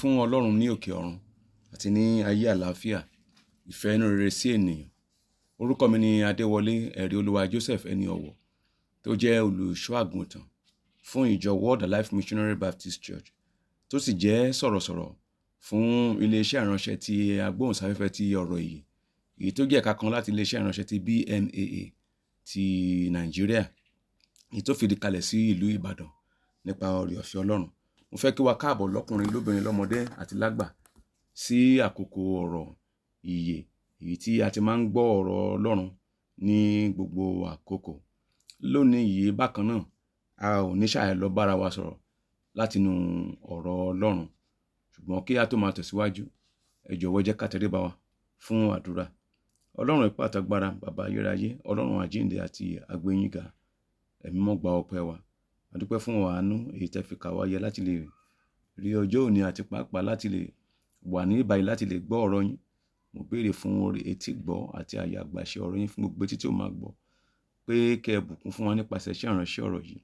fún ọlọ́run ní òkè ọ̀run àti ní ayé àlàáfíà ìfẹ́ inú rere sí ènìyàn orúkọ mi ni adéwọlé ẹ̀rí olúwa joseph ẹni ọ̀wọ̀ tó jẹ́ olùṣọ́ àgùntàn fún ìjọ world life missionary baptist church tó sì jẹ́ sọ̀rọ̀sọ̀rọ̀ fún iléeṣẹ́ ìránṣẹ́ ti agbóhùnsáfẹ́fẹ́ ti ọ̀rọ̀ èyí èyí tó jẹ́ ẹ̀ka kan láti iléeṣẹ́ ìránṣẹ́ ti bmaa ti nàìjíríà èyí tó fìdí kalẹ̀ sí ìlú ìbàdàn nípa ọ̀rẹ́ ọ̀fẹ́ ọlọ́run mo fẹ́ kí wa káàbọ̀ lọ́kùnrin lóbìnrin lọ́mọdé àti lágbà sí àkókò ọ̀rọ̀ ìyè èyí tí a ti máa ń gbọ́ ọ̀rọ̀ Ọlọ́run ní gbogbo àkókò lónìí yìí bákan náà a ò ní ṣàì lọ bára wa sọ̀rọ̀ látinú ọ̀rọ̀ Ọlọ́run ṣùgbọ́n kí a tó máa tẹ̀síwájú ẹ jọ̀wọ́ jẹ́ ká tẹríba wa fún àdúrà Ọlọ́run ìpàtàgbára bàbá ayérayé Ọlọ́run àjíǹde àti agbẹ́yìnga ẹ̀mí mọ́ ọpẹ́ wa a dúpẹ́ fún àánú èyí tẹ́ fi kà wá yẹ láti lè rí ọjọ́ òní àti pàápàá láti lè wà ní ìbàyí láti lè gbọ́ ọ̀rọ̀ yín mo béèrè fún etí gbọ́ àti àyè àgbàṣe ọ̀rọ̀ yín fún gbogbo etí tí ó máa gbọ́ pé kẹ́ ẹ bùkún fún wa nípasẹ̀ iṣẹ́ ìránṣẹ́ ọ̀rọ̀ yìí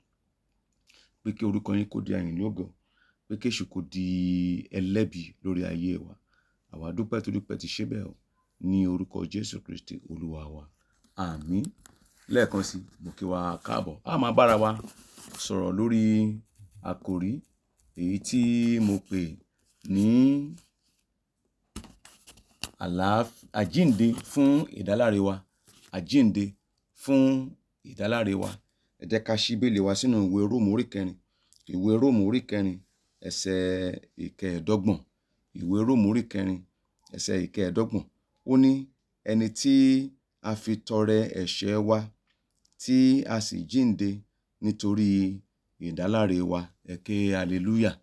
pé kí orúkọ yín kó di àyìn ní ògo pé kí èṣù kó di ẹlẹ́bi lórí ayé wa àwa dúpẹ́ tó dúpẹ́ ti ṣe bẹ́ẹ̀ o ní orúkọ Jésù Kristi olúwa wa àmín lẹ́ẹ̀kan sí mo kí wa káàbọ̀ a máa bára wa sọ̀rọ̀ lórí àkòrí èyí tí mo pè ní àjínde fún ìdáláre wa. Àjínde fún ìdáláre wa. Ẹ jẹ́ ká ṣí Bíbélì wa sínú ìwé Róòmù orí kẹrin. Ìwé Róòmù orí kẹrin ẹsẹ̀ ìkẹẹ̀dọ́gbọ̀n. Ìwé Róòmù orí kẹrin ẹsẹ̀ ìkẹẹ̀dọ́gbọ̀n. Ó ní ẹni tí a fi tọrẹ ẹ̀ṣẹ̀ wa tí a sì jíǹde nítorí ìdáláre wa. Ẹ hallelujah. alelúyà.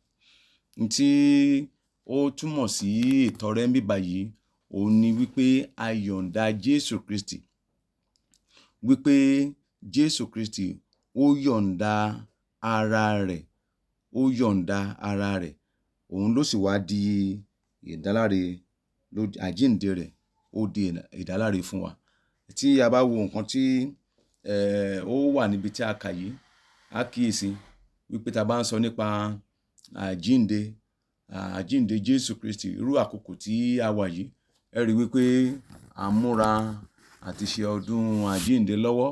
Ohun tí ó túmọ̀ sí ìtọrẹ ní ibí bàyìí, òhun ni wípé a yọ̀ǹda Jésù Kristì, wípé Jésù Kristì ó yọ̀ǹda ara rẹ̀, ó yọ̀ǹda ara rẹ̀, òun ló sì wá di ìdáláre, àjíǹde rẹ̀ ó di ìdáláre fún wa. Tí a bá wo nǹkan tí ó wà níbi tí a kà yìí, á kíyèsí wípé tá a bá ń sọ nípa àjínde àjínde Jésù Kristi irú àkókò tí a wà yìí ẹ rí wípé à ń múra àti ṣe ọdún àjínde lọ́wọ́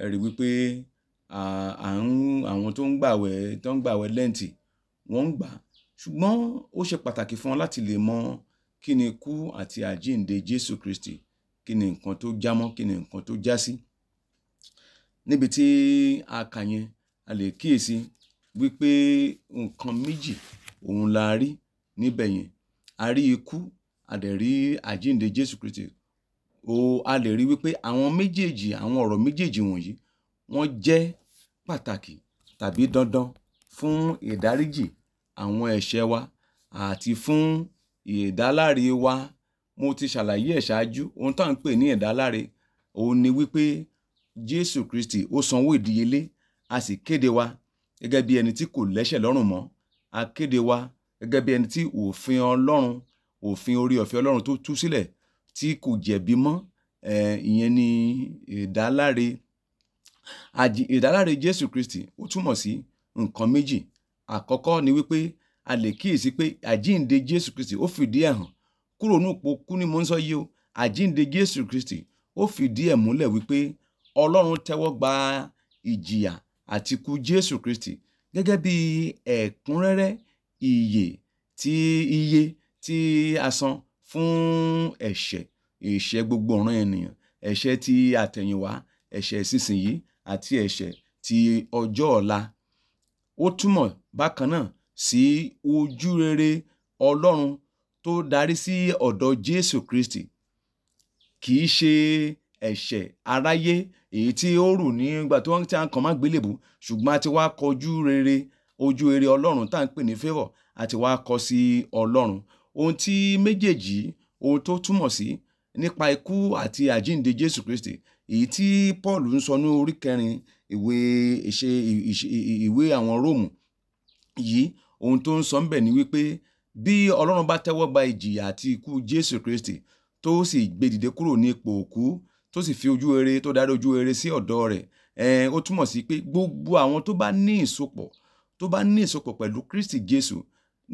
ẹ rí wípé àwọn tó ń gbàwẹ̀ tó ń gbàwẹ̀ lẹ́ǹtì wọ́n ń gbà ṣùgbọ́n ó ṣe pàtàkì fún wọn láti lè mọ kí ni ikú àti àjínde Jésù Kristi kí ni nǹkan tó jámọ́ kí ni nǹkan tó já níbi tí a kà yẹn a lè kíyèsi wípé nǹkan méjì òhun la rí níbẹ̀ yẹn. A rí ikú, a dẹ̀ rí àjíǹde Jésù Kristì. O a lè rí wípé àwọn méjèèjì, àwọn ọ̀rọ̀ méjèèjì wọ̀nyí wọ́n jẹ́ pàtàkì tàbí dandan fún ìdáríjì àwọn ẹ̀ṣẹ̀ wa àti fún ìdáláre wa. Mo ti ṣàlàyé ẹ̀ ṣáájú, ohun tá à ń pè ní ìdáláre òhun ni wípé Jésù Kristi ó sanwó ìdíyelé a sì kéde wa gẹ́gẹ́ bí ẹni tí kò lẹ́ṣẹ̀ lọ́rùn mọ́ a kéde wa gẹ́gẹ́ bí ẹni tí òfin ọlọ́run òfin orí ọ̀fẹ́ ọlọ́run tó tú sílẹ̀ tí kò jẹ̀bi mọ́ ìyẹn ni ìdáláre ìdáláre Jésù Kristi ó túmọ̀ sí nǹkan méjì àkọ́kọ́ ni wípé a lè kíyèsí pé àjíǹde Jésù Kristi ó fìdí ẹ̀ hàn kúrò ní òpó kú ni mo ń sọ yìí o àjíǹde Jésù Kristi ó fìdí ẹ̀ múlẹ̀ wípé Ọlọ́run tẹ́wọ́ gba ìjìyà àti ikú Jésù Kristi gẹ́gẹ́ bí ẹ̀kúnrẹ́rẹ́ iye tí iye tí a san fún ẹ̀ṣẹ̀ ẹ̀ṣẹ̀ gbogbo ọ̀ràn ènìyàn ẹ̀ṣẹ̀ ti àtẹ̀yìnwá ẹ̀ṣẹ̀ ìsinsìnyí àti ẹ̀ṣẹ̀ ti ọjọ́ ọ̀la ó túmọ̀ bákan náà sí ojú rere Ọlọ́run tó darí sí ọ̀dọ̀ Jésù Kristì kì í ṣe ẹ̀ṣẹ̀ aráyé èyí tí ó rù nígbà tí a ń kàn má gbélébù ṣùgbọ́n a ti wá kọjú rere ojú rere ọlọ́run tá à ń pè ní favour a ti wá kọ sí ọlọ́run ohun tí méjèèjì ohun tó túmọ̀ sí nípa ikú àti àjíǹde jésù kristi èyí tí paul ń sọ ní orí kẹrin ìwé ìṣe ìwé àwọn róòmù yìí ohun tó ń sọ ńbẹ̀ ni wípé bí ọlọ́run bá tẹ́wọ́ gba ìjìyà àti ikú jésù kristi tó sì gbé kúrò ní ipò òkú tó sì fi ojú rere tó darí ojú rere sí ọ̀dọ̀ rẹ̀ ó túmọ̀ sí pé gbogbo àwọn tó bá ní ìsopọ̀ tó bá ní ìsopọ̀ pẹ̀lú Kristi Jésù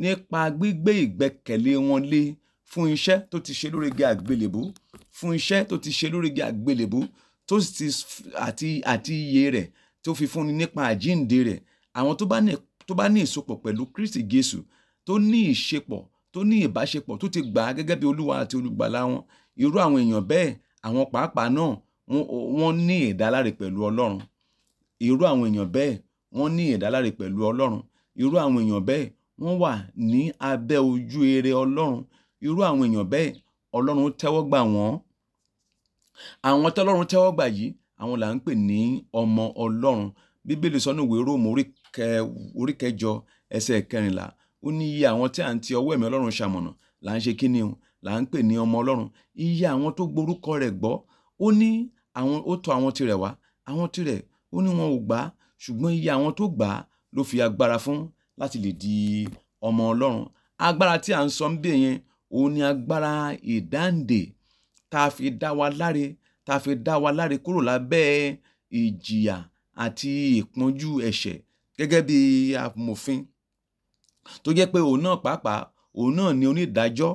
nípa gbígbé ìgbẹ́kẹ̀lé wọn lé fún iṣẹ́ tó ti ṣe lórígi àgbélébú fún iṣẹ́ tó ti ṣe lórígi àgbélébú tó sì àti àti iye rẹ̀ tó fi fúnni nípa àjíǹde rẹ̀ àwọn tó bá ní tó bá ní ìsopọ̀ pẹ̀lú Kristi Jésù tó ní ìṣepọ̀ tó ní ìbáṣepọ̀ tó ti gbà á gẹ́gẹ́ bí Olúwa àti olùgbàlà wọn irú àwọn èèyàn bẹ́ẹ̀ àwọn pàápàá náà wọ́n ní ìdáláre pẹ̀lú Ọlọ́run irú àwọn èèyàn bẹ́ẹ̀ wọ́n ní ìdáláre pẹ̀lú Ọlọ́run irú àwọn èèyàn bẹ́ẹ̀ wọ́n wà ní abẹ́ ojú ire Ọlọ́run irú àwọn èèyàn bẹ́ẹ̀ Ọlọ́run tẹ́wọ́ gbà wọ́n àwọn tọ́lọ́run tẹ́wọ́ gbà yìí àwọn là ń pè ní ọmọ Ọlọ́run Bíbélì sọ ní ìwé Róòmù orí kẹjọ ẹsẹ̀ kẹrìnlá ó ní iye àwọn tí à ń ti ọwọ́ ẹ̀mí Ọlọ́run ṣamọ̀nà là ń ṣe kí ni o là ń pè ní ọmọ ọlọ́run iye àwọn tó gborúkọ rẹ̀ gbọ́ ó ní àwọn ó tọ̀ àwọn tirẹ̀ wá àwọn tirẹ̀ ó ní wọn ò gbà á ṣùgbọ́n iye àwọn tó gbà á ló fi agbára fún láti lè di ọmọ ọlọ́run agbára tí à ń sọ ń bè yẹn òun ni agbára ìdáǹdè tá a fi dá wa láre tá a fi dá wa láre kúrò lábẹ́ ìjìyà àti ìpọ́njú ẹ̀ṣẹ̀ gẹ́gẹ́ bí amòfin tó jẹ́ pé òun náà pàápàá òun náà ni onídàájọ́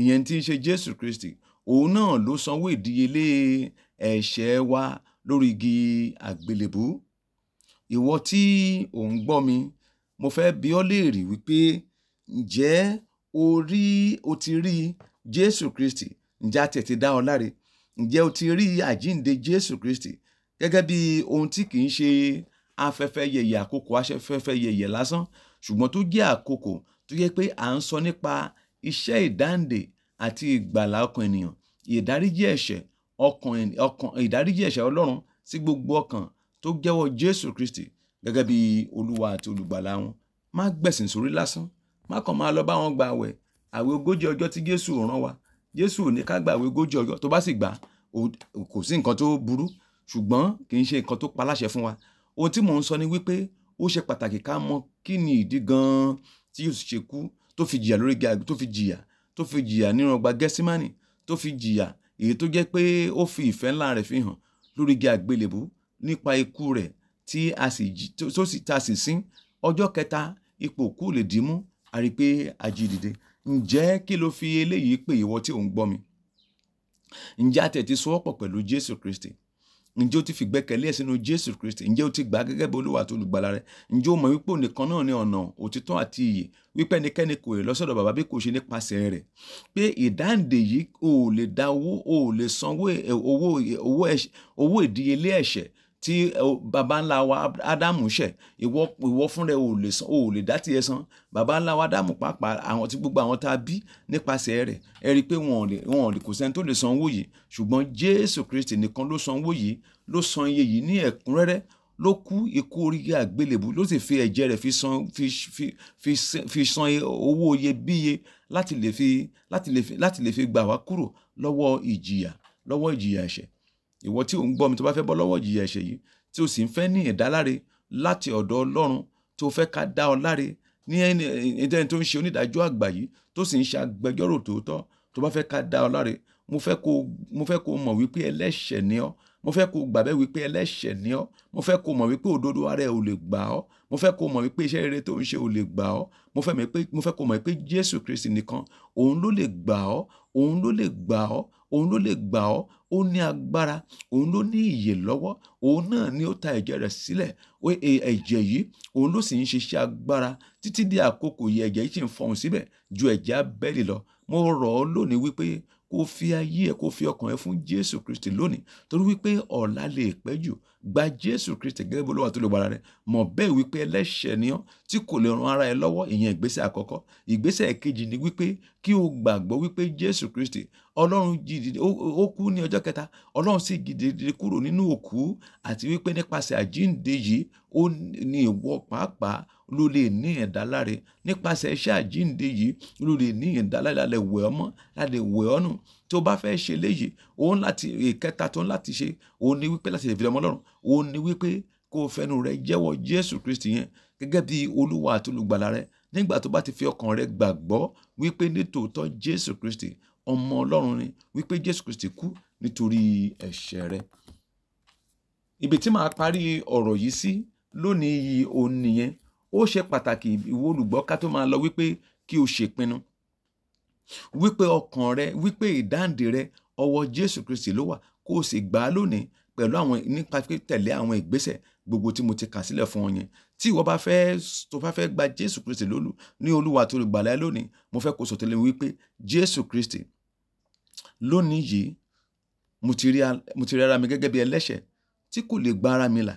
ìyẹn tí ń ṣe jésù kristi òun náà ló sanwó ìdíyelé ẹ̀ṣẹ̀ wa lórí igi àgbélébú ìwọ tí ò ń gbọ́ mi mo fẹ́ bi ọ́ léèrè wípé ǹjẹ́ o rí o ti rí jésù kristi ǹjẹ́ a tètè dá ọ láre ǹjẹ́ o ti rí àjínde jésù kristi gẹ́gẹ́ bí ohun tí kì í ṣe afẹ́fẹ́ yẹ̀yẹ̀ àkókò afẹ́fẹ́ yẹ̀yẹ̀ lásán ṣùgbọ́n tó jẹ́ àkókò tó yẹ pé à ń sọ nípa iṣẹ́ ìdáǹdè àti ìgbàlà ọkàn ènìyàn ìdáríjì ẹ̀ṣẹ̀ ọkàn ọkàn ìdáríjì ẹ̀ṣẹ̀ ọlọ́run sí gbogbo ọkàn tó jẹ́wọ́ jésù kristi gẹ́gẹ́ bí olúwa àti olùgbàlà wọn má gbẹ̀sìn sórí lásán má kàn máa lọ bá wọn gba àwẹ̀ àwẹ̀ ogójì ọjọ́ tí jésù rán wa jésù ò ní ká gba àwẹ̀ ogójì ọjọ́ tó bá sì gbà kò sí nǹkan tó burú ṣùgbọ́n kì í ṣe nǹkan tó paláṣẹ fún wa ohun tí mò ń sọ ni wípé ó ṣe pàtàkì ká mọ kí ni ìdí gan-an tí yóò ṣe kú tó fi jìyà lórí tó fi jìyà tó fi jìyà nínú ọgbà gẹ́símánì tó fi jìyà èyí tó jẹ́ pé ó fi ìfẹ́ ńlá rẹ̀ fi hàn lórí igi àgbélébú nípa ikú rẹ̀ tí a sì tó sì ta sì sín ọjọ́ kẹta ipò kú lè dì í mú a rí i pé a jí dìde ǹjẹ́ kí ló fi eléyìí pè ìwọ tí ò ń gbọ́ mi ǹjẹ́ a tẹ̀ ti sọ́wọ́pọ̀ pẹ̀lú Jésù Kristi ǹjẹ́ o ti fi gbẹ́kẹ̀lé ẹ̀ sínú jésù kristi ǹjẹ́ o ti gbà á gẹ́gẹ́ bí olúwa àti olùgbàlà rẹ ǹjẹ́ o mọ̀ wípé ònìkan náà ní ọ̀nà òtítọ́ àti ìyè wípé ẹnikẹ́ni kò rè lọ́sọ̀dọ̀ bàbá bí kò ṣe nípasẹ̀ rẹ̀ pé ìdáǹdè yìí o ò lè dá owó o ò lè sanwó owó ìdíyelé ẹ̀ṣẹ̀ tí baba ńlá wa ádámù ṣẹ̀ ìwọ ìwọ fúnra ò lè san ò lè dá tiẹ̀ san baba ńlá wa ádámù pàápàá àwọn tí gbogbo àwọn tá a bí nípasẹ̀ rẹ̀ ẹ rí i pé wọn ò lè wọn ò lè kò sẹ́ni tó lè san owó yìí ṣùgbọ́n jésù kristi nìkan ló san owó yìí ló san iye yìí ní ẹ̀kúnrẹ́rẹ́ ló kú ikú oríire àgbélébù ló sì fi ẹ̀jẹ̀ rẹ̀ fi san fi fi fi fi san owó iyebíye láti lè fi láti lè fi láti lè fi gbà wá kúrò lọ́wọ́ ìjìyà lọ́wọ́ ìjìyà ẹ̀ṣẹ̀ ìwọ tí ò ń gbọ́ mi tó bá fẹ́ bọ́ lọ́wọ́ ìjìyà ẹ̀ṣẹ̀ yìí tí o sì ń fẹ́ ní ìdáláre láti ọ̀dọ̀ Ọlọ́run tó fẹ́ ká dá ọ láre ní ẹni tó ń ṣe onídàájọ́ àgbà yìí tó sì ń ṣe agbẹjọ́rò tòótọ́ tó bá fẹ́ ká dá ọ láre mo fẹ́ kó mo fẹ́ kó mọ̀ wípé ẹlẹ́ṣẹ̀ ni ọ́ mo fẹ́ kó gbàgbé wípé ẹlẹ́ṣẹ̀ ni ọ́ mo fẹ́ kó mọ̀ wípé òdodo ara ẹ̀ ò lè gbà ọ́ mo fẹ́ kó mọ̀ wípé iṣẹ́ rere tó ń ṣe ò lè gbà ọ́ mo fẹ́ kó mọ̀ wípé Jésù Kristi nìkan òun ló lè gbà ọ́ òun ló lè gbà ọ́ òun ló lè gbà ọ́ ó ní agbára òun ló ní ìyè lọ́wọ́ òun náà ni ó ta ẹ̀jẹ̀ rẹ̀ sílẹ̀ e, ẹ̀jẹ̀ yìí òun ló sì ń ṣiṣẹ́ agbára títí di àkókò yìí ẹ̀jẹ̀ yìí sì ń fọhùn síbẹ̀ ju ẹ̀jẹ̀ Ábẹ́lì lọ mo rọ̀ ọ́ lónìí wípé kó fi ayé ẹ kó fi ọkàn ẹ fún jésù kristi lónìí torí wípé ọ̀la lè pẹ́ jù gba jésù kristi gẹ́gẹ́ bó lọ́wọ́ tó lè gbára rẹ mọ̀ bẹ́ẹ̀ wípé ẹlẹ́ṣẹ̀ ni ọ́ tí kò lè ran ara ẹ lọ́wọ́ ìyẹn ìgbésẹ̀ àkọ́kọ́ ìgbésẹ̀ kejì ni wípé kí o gbàgbọ́ wípé jésù kristi ọlọ́run jìdìdì ó kú ní ọjọ́ kẹta ọlọ́run sì jìdìdì kúrò nínú òkú àti wípé nípasẹ̀ àjíǹde yìí ó ní ìwọ pàápàá ló lè ní ìdáláre nípasẹ̀ iṣẹ́ àjíǹde yìí ló lè ní ìdáláre lálẹ́ wẹ̀ ọ́ mọ́ lálẹ́ wẹ̀ ọ́ nù tí o bá fẹ́ ṣe léyìí òun láti ìkẹta tó ń láti ṣe òun ni wípé láti lè fi ọmọ Ọlọ́run òun ni wípé kó o fẹnu rẹ jẹ́wọ́ Jésù Kristi yẹn gẹ́gẹ́ bí olúwa àti olùgbàlà rẹ nígbà tó bá ti fi ọkàn rẹ gbàgbọ́ wípé nítòótọ́ Jésù Kristi ọmọ Ọlọ́run ni wípé Jésù Kristi kú nítorí ẹ̀ṣẹ̀ rẹ ibi tí màá parí ọ̀rọ̀ yìí sí lónìí yìí òun nìyẹn ó ṣe pàtàkì ìwọ olùgbọ́ ká tó máa lọ wípé kí o ṣèpinnu wípé ọkàn rẹ wípé ìdáǹdè rẹ ọwọ́ Jésù Kristi ló wà kó o sì gbà á lónìí pẹ̀lú àwọn nípa tẹ̀lé àwọn ìgbésẹ̀ gbogbo tí mo ti kà sílẹ̀ fún ọ yẹn tí ìwọ bá fẹ́ tó bá fẹ́ gba Jésù Kristi lólù ní olúwa tó lè gbà láyé lónìí mo fẹ́ kó sọtẹ́lẹ̀ wípé Jésù Kristi lónìí yìí mo ti rí ara mi gẹ́gẹ́ bí ẹlẹ́ṣẹ̀ tí kò lè gba ara mi là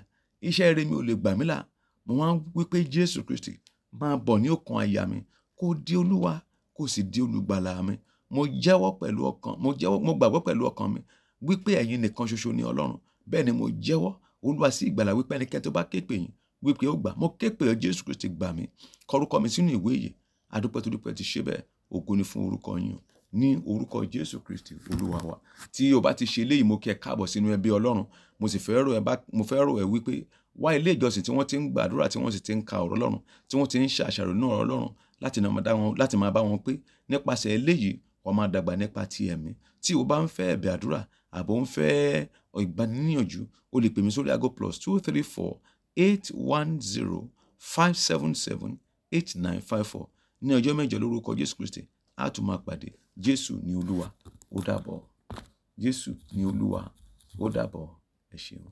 iṣẹ́ rere mi ò lè gbà mí là mo wá ń wí pé jésù kristi máa bọ̀ ní ọkàn àyà mi kó di olúwa kó sì di olùgbàlà mi mo jẹ́wọ́ pẹ̀lú ọkàn mo jẹ́wọ́ mo gbàgbọ́ pẹ̀lú ọkàn mi wípé ẹ̀yin nìkan ṣoṣo ni ọlọ́run bẹ́ẹ̀ ni mo jẹ́wọ́ olúwa sí ìgbàlà wípé ẹnikẹ́ni tó bá képe yín wípé ó gbà mo képe jésù kristi gbà mí kọrúkọ mi sínú ìwé yìí adúpẹ́ tó dúpẹ́ ti ṣe bẹ́ẹ̀ ògo ni fún orúkọ yín ní orúkọ jésù kristi olúwa wa tí o bá ti ṣe eléyìí mo kí ẹ káàbọ̀ sínú ẹbí ọlọ́run mo sì fẹ́ rọ̀ ẹ wípé wá ilé ìjọsìn tí wọ́n ti ń gbàdúrà tí wọ́n sì ti ń ka ọ̀rọ̀ Ọlọ́run tí wọ́n ti ń ṣe àṣàrò inú ọ̀rọ̀ Ọlọ́run láti máa bá wọn pé nípasẹ̀ eléyìí wọ́n máa dàgbà nípa ti ẹ̀mí tí o bá ń fẹ́ ẹ̀bẹ̀ àdúrà àbò ń fẹ́ ìgbaniníyànjú o lè pè mí sórí aago plus two three four eight one zero five seven seven eight nine five four ní ọjọ́ mẹ́jọ lórúkọ Jésù Kristi a tún máa pàdé Jésù ní Olúwa ó dàbọ̀ Jésù ní Olúwa ó dàbọ̀ ẹ ṣeun.